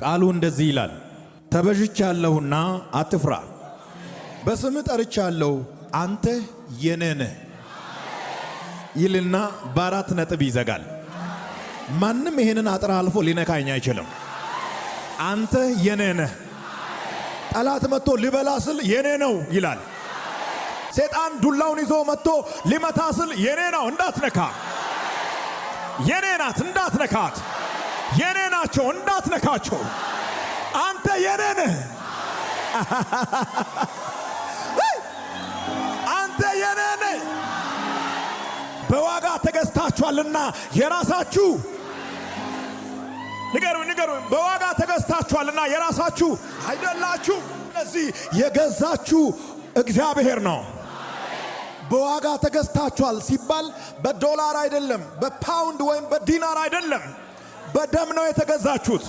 ቃሉ እንደዚህ ይላል፣ ተበዥቻለሁና አትፍራ። በስም ጠርቻለሁ፣ አንተ የኔ ነህ ይልና በአራት ነጥብ ይዘጋል። ማንም ይሄንን አጥር አልፎ ሊነካኝ አይችልም። አንተ የኔ ነህ። ጠላት መጥቶ ሊበላ ስል የኔ ነው ይላል። ሰይጣን ዱላውን ይዞ መጥቶ ሊመታ ስል የኔ ነው እንዳትነካ፣ የኔ ናት እንዳትነካት፣ የኔ ናቸው፣ እንዳትነካቸው። አንተ የኔ አንተ የኔ በዋጋ ተገዝታችኋልና የራሳችሁ ንገሩ፣ ንገሩ። በዋጋ ተገዝታችኋልና የራሳችሁ አይደላችሁ። እነዚህ የገዛችሁ እግዚአብሔር ነው። በዋጋ ተገዝታችኋል ሲባል በዶላር አይደለም፣ በፓውንድ ወይም በዲናር አይደለም። በደም ነው የተገዛችሁት።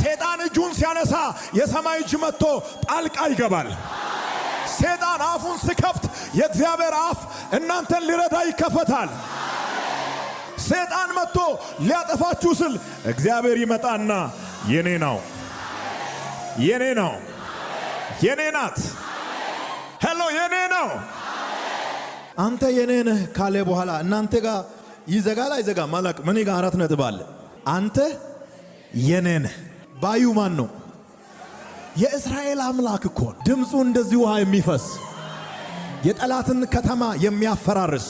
ሴጣን እጁን ሲያነሳ የሰማይ እጅ መጥቶ ጣልቃ ይገባል። ሴጣን አፉን ስከፍት የእግዚአብሔር አፍ እናንተን ሊረዳ ይከፈታል። ሴጣን መጥቶ ሊያጠፋችሁ ስል እግዚአብሔር ይመጣና የኔ ነው የኔ ነው የኔ ናት ሄሎ የኔ ነው አንተ የኔ ነህ ካለ በኋላ እናንተ ጋር ይዘጋል አይዘጋም? አላቅም። እኔ ጋር አራት ነጥብ አለ። አንተ የኔ ነህ ባዩ ማን ነው? የእስራኤል አምላክ እኮ ድምፁ እንደዚህ ውሃ የሚፈስ የጠላትን ከተማ የሚያፈራርስ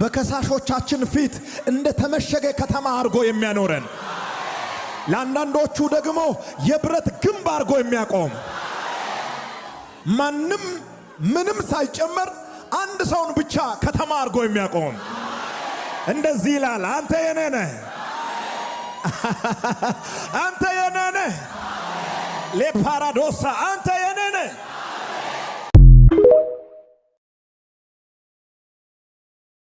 በከሳሾቻችን ፊት እንደ ተመሸገ ከተማ አድርጎ የሚያኖረን ለአንዳንዶቹ ደግሞ የብረት ግንብ አድርጎ የሚያቆም ማንም ምንም ሳይጨመር አንድ ሰውን ብቻ ከተማ አድርጎ የሚያቆም እንደዚህ ይላል፣ አንተ የኔ ነህ። አንተ የነነ ሌፓራዶሳ አንተ